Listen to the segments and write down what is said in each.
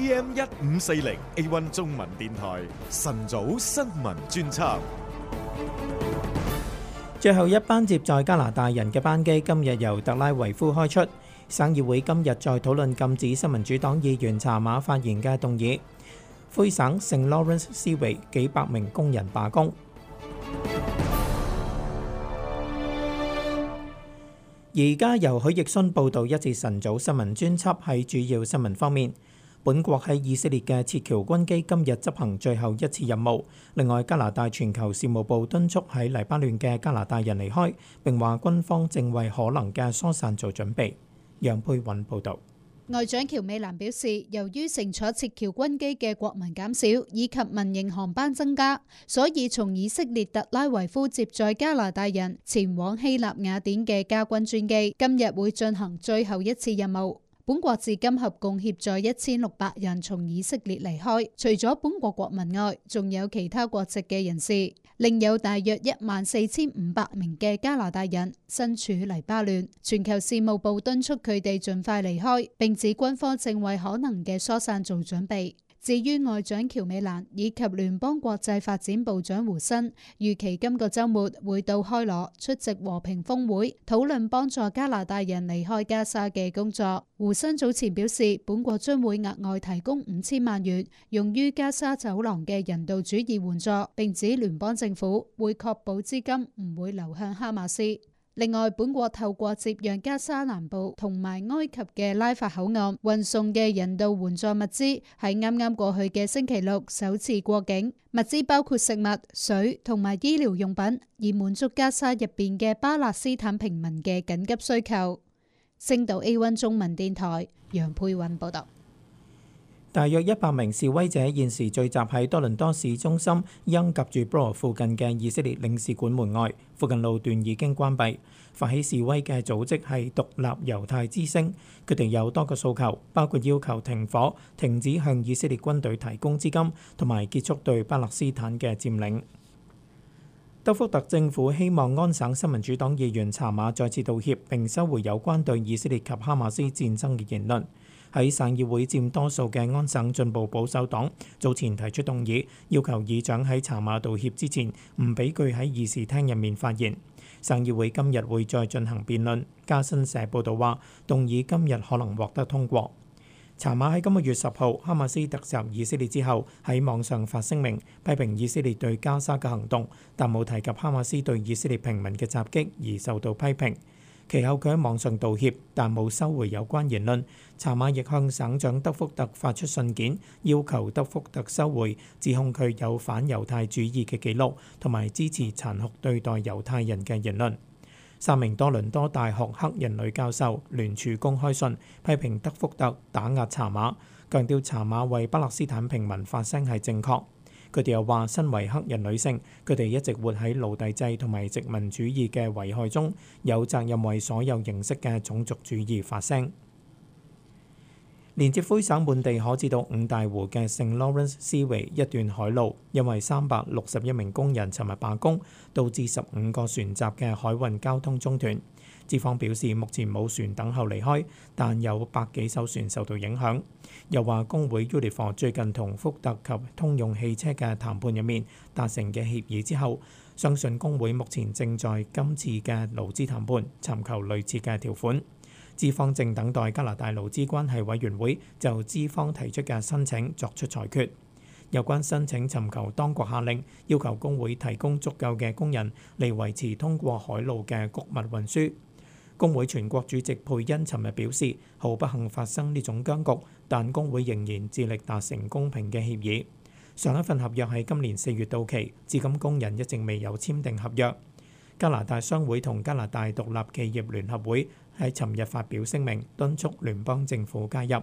A.M. 一五四零 A One 中文電台晨早新聞專輯，最後一班接載加拿大人嘅班機今日由特拉維夫開出。省議會今日再討論禁止新民主黨議員查馬發言嘅動議。灰省聖 Lawrence 思域幾百名工人罷工。而家由許奕迅報道，一次晨早新聞專輯喺主要新聞方面。本國喺以色列嘅撤僑軍機今日執行最後一次任務。另外，加拿大全球事務部敦促喺黎巴嫩嘅加拿大人離開，並話軍方正為可能嘅疏散做準備。楊佩韻報導。外長喬美蘭表示，由於乘坐撤僑軍機嘅國民減少，以及民營航班增加，所以從以色列特拉維夫接載加拿大人前往希臘雅典嘅加軍專機今日會進行最後一次任務。本國至今合共協助一千六百人從以色列離開，除咗本國國民外，仲有其他國籍嘅人士。另有大約一萬四千五百名嘅加拿大人身處黎巴嫩，全球事務部敦促佢哋盡快離開，並指軍方正為可能嘅疏散做準備。至於外長喬美蘭以及聯邦國際發展部長胡新，預期今個周末會到開羅出席和平峰會，討論幫助加拿大人離開加沙嘅工作。胡新早前表示，本國將會額外提供五千萬元用於加沙走廊嘅人道主義援助，並指聯邦政府會確保資金唔會流向哈馬斯。另外，本國透過接壤加沙南部同埋埃及嘅拉法口岸運送嘅人道援助物資，係啱啱過去嘅星期六首次過境。物資包括食物、水同埋醫療用品，以滿足加沙入邊嘅巴勒斯坦平民嘅緊急需求。星島 A1 中文電台，楊佩韻報道。大約一百名示威者現時聚集喺多倫多市中心因及住 b r 附近嘅以色列領事館門外，附近路段已經關閉。發起示威嘅組織係獨立猶太之星，決定有多個訴求，包括要求停火、停止向以色列軍隊提供資金，同埋結束對巴勒斯坦嘅佔領。德福特政府希望安省新民主黨議員查馬再次道歉，並收回有關對以色列及哈馬斯戰爭嘅言論。喺省議會佔多數嘅安省進步保守黨早前提出動議，要求議長喺查馬道歉之前，唔俾佢喺議事廳入面發言。省議會今日會再進行辯論。加新社報道話，動議今日可能獲得通過。查馬喺今個月十號哈馬斯突襲以色列之後，喺網上發聲明批評以色列對加沙嘅行動，但冇提及哈馬斯對以色列平民嘅襲擊而受到批評。其後佢喺網上道歉，但冇收回有關言論。查馬亦向省長德福特發出信件，要求德福特收回指控佢有反猶太主義嘅記錄，同埋支持殘酷對待猶太人嘅言論。三名多倫多大學黑人女教授聯署公開信，批評德福特打壓查馬，強調查馬為巴勒斯坦平民發聲係正確。佢哋又話：身為黑人女性，佢哋一直活喺奴隸制同埋殖民主義嘅危害中，有責任為所有形式嘅種族主義發聲。 連接魁省滿地可至到五大湖嘅聖勞倫斯斯維一段海路，因為三百六十一名工人尋日罷工，導致十五個船閘嘅海運交通中斷。資方表示，目前冇船等候離開，但有百幾艘船受到影響。又話工會 Unifor 最近同福特及通用汽車嘅談判入面達成嘅協議之後，相信工會目前正在今次嘅勞資談判尋求類似嘅條款。資方正等待加拿大勞資關係委員會就資方提出嘅申請作出裁決。有關申請尋求當局下令，要求工會提供足夠嘅工人嚟維持通過海路嘅穀物運輸。工會全國主席佩恩尋日表示，毫不幸發生呢種僵局，但工會仍然致力達成公平嘅協議。上一份合約係今年四月到期，至今工人一直未有簽訂合約。加拿大商會同加拿大獨立企業聯合會喺尋日發表聲明，敦促聯邦政府介入。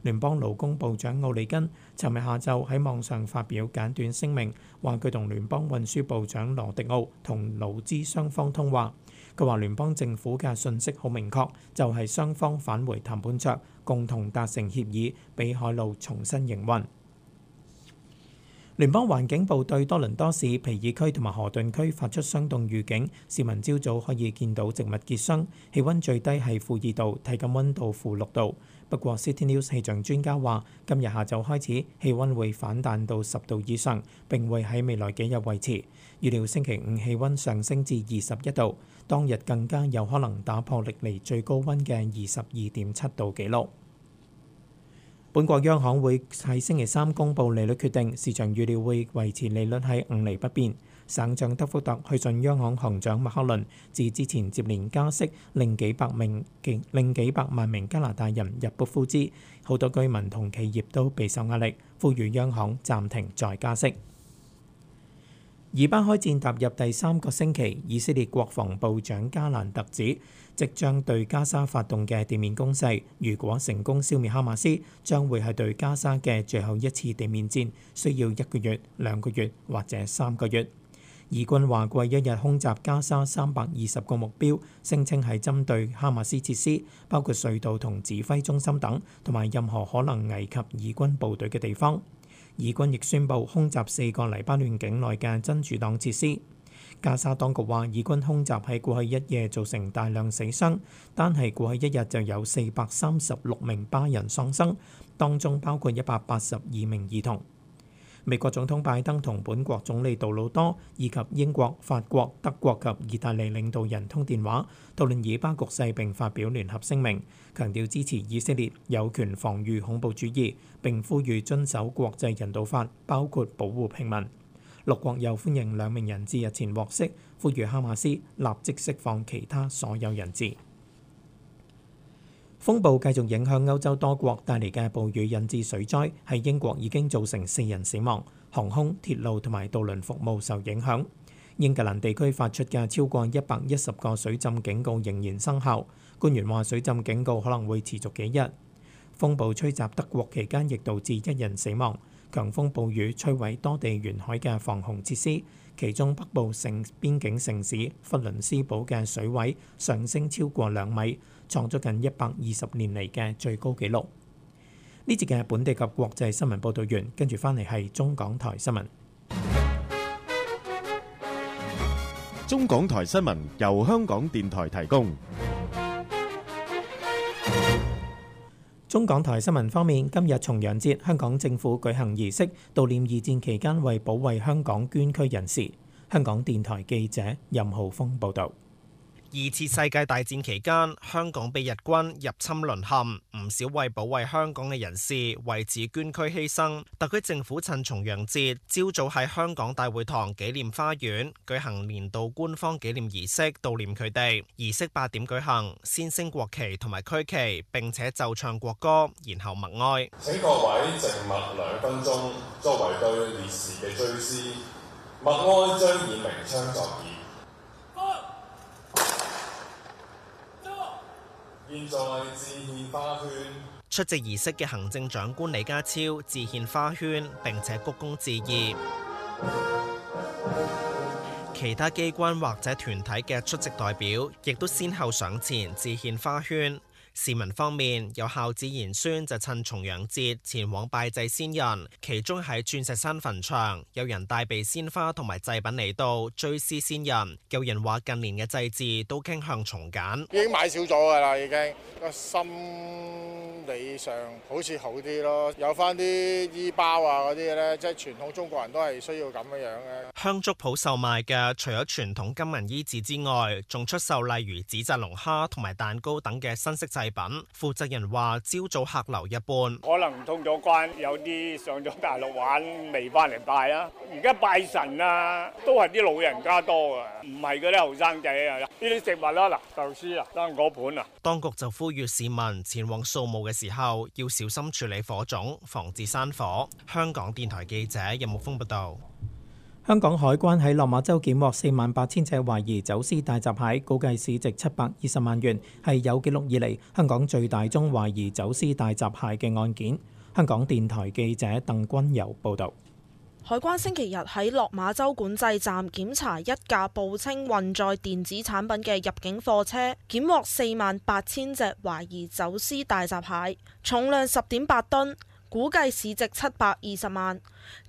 聯邦勞工部長奧利根尋日下晝喺網上發表簡短聲明，話佢同聯邦運輸部長羅迪奧同勞資雙方通話。佢話聯邦政府嘅信息好明確，就係雙方返回談判桌，共同達成協議，俾海路重新營運。聯邦環境部對多倫多市皮爾區同埋河頓區發出霜凍預警，市民朝早可以見到植物結霜，氣温最低係負二度，體感溫度負六度。不過 City News 氣象專家話，今日下晝開始氣温會反彈到十度以上，並會喺未來幾日維持。預料星期五氣温上升至二十一度，當日更加有可能打破歷嚟最高温嘅二十二點七度紀錄。本國央行會喺星期三公布利率決定，市場預料會維持利率係五厘不變。省長德福特去信央行行長麥克倫，自之前接連加息，令幾百名令幾，幾百萬名加拿大人入不敷支，好多居民同企業都備受壓力，呼籲央行暫停再加息。以巴開戰踏入第三個星期，以色列國防部長加蘭特指。即將對加沙發動嘅地面攻勢，如果成功消滅哈馬斯，將會係對加沙嘅最後一次地面戰，需要一個月、兩個月或者三個月。以軍話過一日空襲加沙三百二十個目標，聲稱係針對哈馬斯設施，包括隧道同指揮中心等，同埋任何可能危及以軍部隊嘅地方。以軍亦宣佈空襲四個黎巴嫩境內嘅真主黨設施。加沙當局話，以軍空襲喺過去一夜造成大量死傷，單係過去一日就有436名巴人喪生，當中包括182名兒童。美國總統拜登同本國總理杜魯多以及英國、法國、德國及意大利領導人通電話，討論以巴局勢並發表聯合聲明，強調支持以色列有權防禦恐怖主義，並呼籲遵守國際人道法，包括保護平民。六國又歡迎兩名人質日前獲釋，呼籲哈馬斯立即釋放其他所有人質。風暴繼續影響歐洲多國，帶嚟嘅暴雨引致水災，喺英國已經造成四人死亡，航空、鐵路同埋渡輪服務受影響。英格蘭地區發出嘅超過一百一十個水浸警告仍然生效，官員話水浸警告可能會持續幾日。風暴吹襲德國期間，亦導致一人死亡。強風暴雨摧毀多地沿海嘅防洪設施，其中北部城邊境城市佛倫斯堡嘅水位上升超過兩米，創咗近一百二十年嚟嘅最高紀錄。呢節嘅本地及國際新聞報導完，跟住翻嚟係中港台新聞。中港台新聞由香港電台提供。中港台新聞方面，今日重陽節，香港政府舉行儀式，悼念二戰期間為保衛香港捐軀人士。香港電台記者任浩峰報導。二次世界大戰期間，香港被日軍入侵淪陷，唔少為保衛香港嘅人士為此捐軀犧牲。特區政府趁重陽節朝早喺香港大會堂紀念花園舉行年度官方紀念儀式，悼念佢哋。儀式八點舉行，先升國旗同埋區旗，並且奏唱國歌，然後默哀。請各位靜默兩分鐘，作為對烈士嘅追思。默哀將以鳴槍作現在致獻花圈。出席儀式嘅行政長官李家超致獻花圈，並且鞠躬致意。 其他機關或者團體嘅出席代表亦都先後上前致獻花圈。市民方面，有孝子賢孫就趁重陽節前往拜祭先人，其中喺鑽石山墳場，有人帶備鮮花同埋祭品嚟到追思先人。有人話近年嘅祭祀都傾向從簡，已經買少咗噶啦，已經個心理上好似好啲咯，有翻啲衣包啊，嗰啲嘢咧，即係傳統中國人都係需要咁樣樣嘅。香燭鋪售，售賣嘅除咗傳統金銀衣紙之外，仲出售例如紙紮龍蝦同埋蛋糕等嘅新式祭。負責人話：朝早客流一般，可能通咗關，有啲上咗大陸玩未翻嚟拜啦、啊。而家拜神啊，都係啲老人家多噶，唔係嗰啲後生仔啊。呢啲食物啦、啊，嗱，壽司啊，生果盤啊。當局就呼籲市民前往掃墓嘅時候，要小心處理火種，防止山火。香港電台記者任木峰報道。香港海關喺落馬洲檢獲四萬八千隻懷疑走私大閘蟹，估計市值七百二十萬元，係有記錄以嚟香港最大宗懷疑走私大閘蟹嘅案件。香港電台記者鄧君柔報導。海關星期日喺落馬洲管制站檢查一架報稱運載電子產品嘅入境貨車，檢獲四萬八千隻懷疑走私大閘蟹，重量十點八噸。估計市值七百二十萬，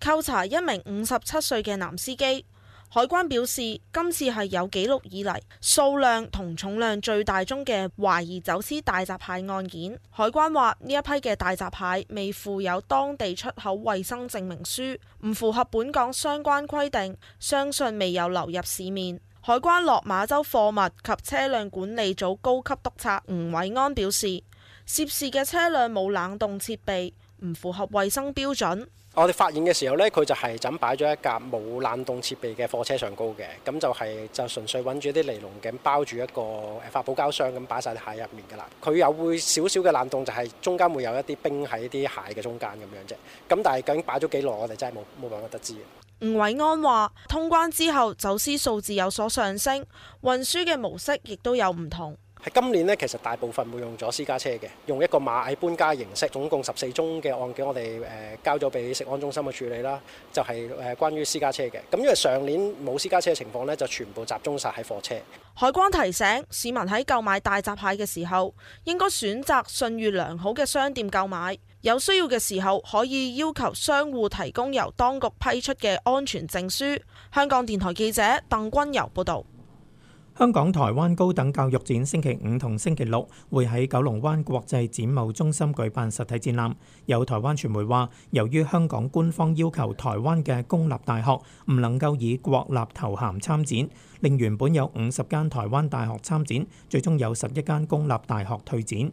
扣查一名五十七歲嘅男司機。海關表示，今次係有紀錄以嚟數量同重量最大宗嘅懷疑走私大閘蟹案件。海關話呢一批嘅大閘蟹未附有當地出口衛生證明書，唔符合本港相關規定，相信未有流入市面。海關落馬洲貨物及車輛管理組高級督察吳偉安表示，涉事嘅車輛冇冷凍設備。唔符合衛生標準。我哋發現嘅時候呢，佢就係咁擺咗一架冇冷凍設備嘅貨車上高嘅，咁就係、是、就純粹揾住啲尼龍頸包住一個發泡膠箱咁擺晒啲蟹入面噶啦。佢有會少少嘅冷凍，就係、是、中間會有一啲冰喺啲蟹嘅中間咁樣啫。咁但係究竟擺咗幾耐，我哋真係冇冇辦法得知嘅。吳偉安話，通關之後走私數字有所上升，運輸嘅模式亦都有唔同。係今年呢，其實大部分會用咗私家車嘅，用一個螞蟻搬家形式，總共十四宗嘅案件，我哋誒交咗俾食安中心去處理啦。就係、是、誒關於私家車嘅，咁因為上年冇私家車嘅情況呢，就全部集中晒喺貨車。海關提醒市民喺購買大閘蟹嘅時候，應該選擇信譽良好嘅商店購買，有需要嘅時候可以要求商戶提供由當局批出嘅安全證書。香港電台記者鄧君遊報導。香港、台灣高等教育展星期五同星期六會喺九龍灣國際展貿中心舉辦實體展覽。有台灣傳媒話，由於香港官方要求台灣嘅公立大學唔能夠以國立頭銜參展，令原本有五十間台灣大學參展，最終有十一間公立大學退展。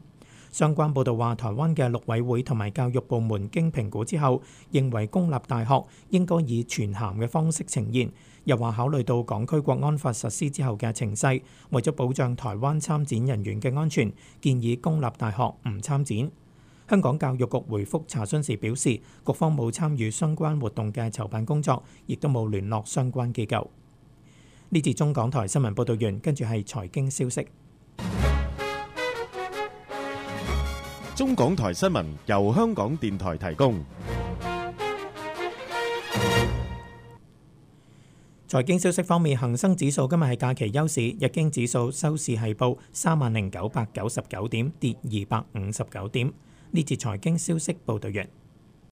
相關報導話，台灣嘅陸委會同埋教育部門經評估之後，認為公立大學應該以全銜嘅方式呈現。又話考慮到港區國安法實施之後嘅情勢，為咗保障台灣參展人員嘅安全，建議公立大學唔參展。香港教育局回覆查詢時表示，局方冇參與相關活動嘅籌辦工作，亦都冇聯絡相關機構。呢節中港台新聞報導完，跟住係財經消息。中港台新聞由香港電台提供。財經消息方面，恒生指數今日係假期休市，日經指數收市係報三萬零九百九十九點，跌二百五十九點。呢節財經消息報道完。